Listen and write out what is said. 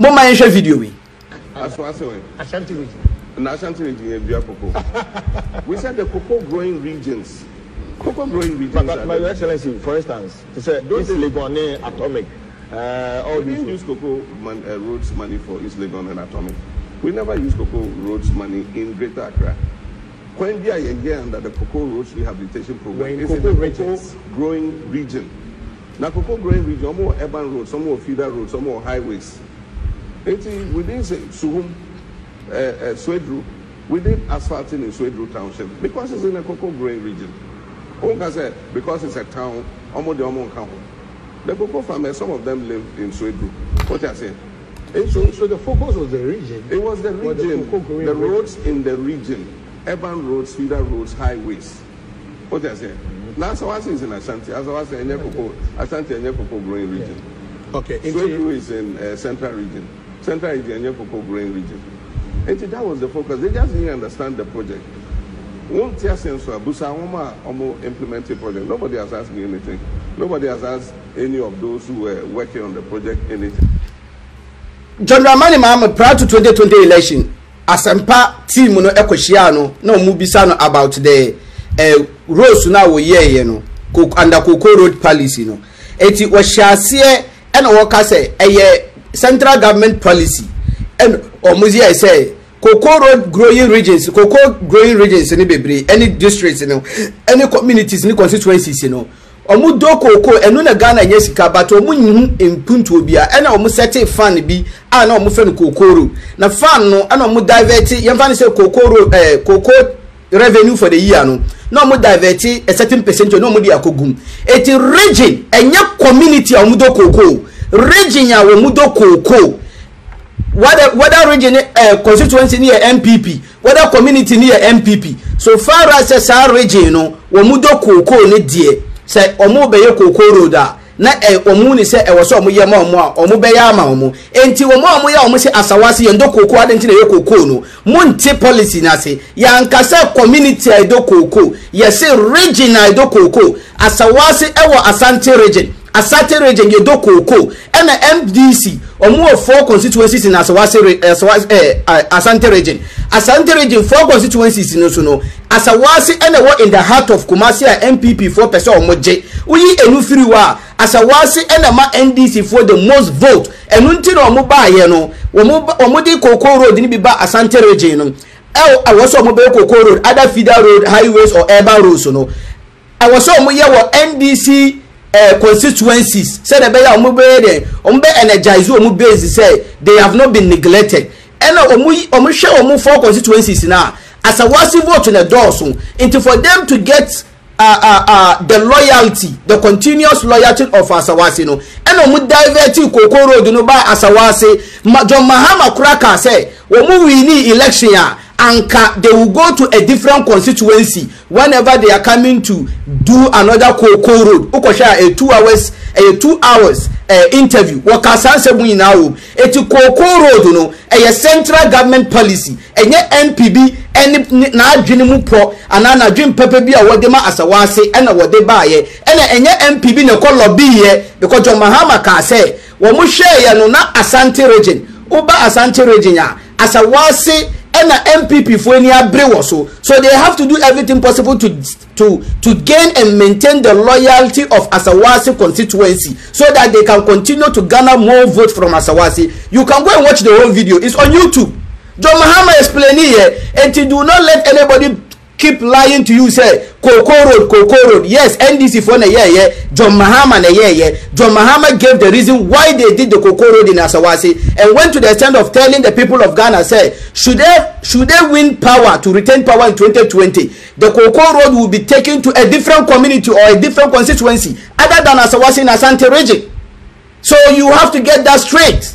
mo máa ń ṣe fídíò yìí. aṣọ aṣọ ẹ. ashanti region. na ashanti region yẹn bia koko we said the cocoa growing regions cocoa growing regions. but my your excellence for instance to say east legon ni atomic. Uh, we didn't use cocoa man, uh, roads money for east legon and atomic we never use cocoa roads money in greater accra. When we are here under the cocoa roads rehabilitation program, it's in the regions. cocoa growing region. Now, cocoa growing region, some more urban roads, some more feeder roads, some more highways. Eti within Suhum, uh, eh, uh, eh, Swedru, we did asphalting in Swedru Township because it's in a cocoa grain region. One said because it's a town, almost the almost The cocoa farmers, eh, some of them live in Swedru. What I say? So, so the focus was the region. It was the region, the, the, roads region. in the region, urban roads, feeder roads, highways. What I say? Mm-hmm. Now, so in Ashanti? As I was in Ashanti and cocoa growing region. Okay. okay. Swedru is in uh, central region. Central Idianye Cocoa Growing Region. And that was the focus. They just didn't understand the project. One tear sensor, Busa Oma Omo implemented project. Nobody has asked me anything. Nobody has asked any of those who were working on the project anything. General Ramani Mahama, prior to 2020 election, Asempa team no ekwohyia no na omu bisa no about the eh roads na wo yeye no under Cocoa Road policy no. Eti wo hyase e na wo ka se eye central government policy ɛn ɔmo yɛ sɛ cocoa road growing regions cocoa growing regions ni bebree ɛne districts no ɛne communities ne constituencies no ɔmo do cocoa ɛnu na ghana nyɛ sika but ɔmo nyihu mpuntuo bia ɛna ɔmo sɛte fan bi a na ɔmo fɛ no cocoa road na fan no ɛna ɔmo divert yɛn fa no cocoa road ɛɛ eh, cocoa revenue for the year no na ɔmo divert a certain percentage na ɔmo de eti region ɛnyɛ community a ɔmo do cocoa region a wɔn mu do kooko whether whether region uh, constituency ni yɛ npp whether community ni yɛ npp so far as sɛ saa region no wɔn mu do kooko ne deɛ sɛ wɔn bɛyɛ kooko road a na ɛ wɔn ni sɛ ɛwɔ sɛ wɔn yɛ ma wɔn a wɔn bɛyɛ ama wɔn nti wɔn a wɔn yɛ wɔn sɛ asawase yɛn do kooko adi nti na yɛ kooko no mo nti policy na se yankasa community a yɛ do kooko yɛsi region a yɛ do kooko asawase ɛwɔ asante region asate region yedo kooko ɛna mdc ɔmo wɔ four constituencies na asawase eh, asawase ɛɛ eh, eh, asante region asante region four constituencies no so no asawase ɛna ɛwɔ in the heart of kumasi a npp four percent ɔmo gye woyi enu firi wa asawase ɛna ma ndc for the most vote ɛnu ti na ɔmo baayɛ no ɔmo ɔmo de kooko road ni bi ba asante region no ɛwɔ e, awɔ sɛ ɔmo bɛyɛ kooko road either feeder road highways or urban roads no awɔ sɛ ɔmo yɛ wɔ ndc uh, constituencies sɛ the bɛyɛ a wɔn bɛyɛ de wɔn bɛ energize wɔn base sɛ they have not been neglected ɛna wɔn wɔn hwɛ wɔn four constituencies na asawasi vote in na dɔɔso nti for them to get uh, uh, uh, the loyalty the continuous loyalty of asawasi no ɛna eh, wɔn divert koko road no ba asawasi ma john mahama kura kaa sɛ wɔn winni election a anka they will go to a different constituency whenever they are coming to do another koko road wokɔhwɛ a two hours a two hours ɛɛ eh, interview wɔka saa nsɛm nyinaa eti koko road no ɛyɛ eh, central government policy Enye eh, npb na n'adwene mu pɔ anaa n'adwene pɛpɛ bi a wɔde ma asawaase ɛna wɔde baayɛ ɛna ɛnyɛ npb na ɛkɔ lɔbiiɛ because john mahama kaa sɛ wɔn hwɛɛ yɛ no na asante region Uba asante region ya asawase. And npp MPP for any wɔ so so they have to do everything possible to to to gain and maintain the loyalty of asawasi constituency so that they can continue to garner more votes from asawasi you can go and watch the whole video it's on youtube john mahama explain it here and do not let anybody keep lying to you say Koko Road, Koko Road. Yes, NDC for na yeye, John Mahama na yeye. John Mahama gave the reason why they did the Koko Road in Asawasi and went to the extent of telling the people of Ghana, say, should they should they win power to retain power in 2020, the Koko Road will be taken to a different community or a different constituency other than Asawasi in Asante region. So you have to get that straight.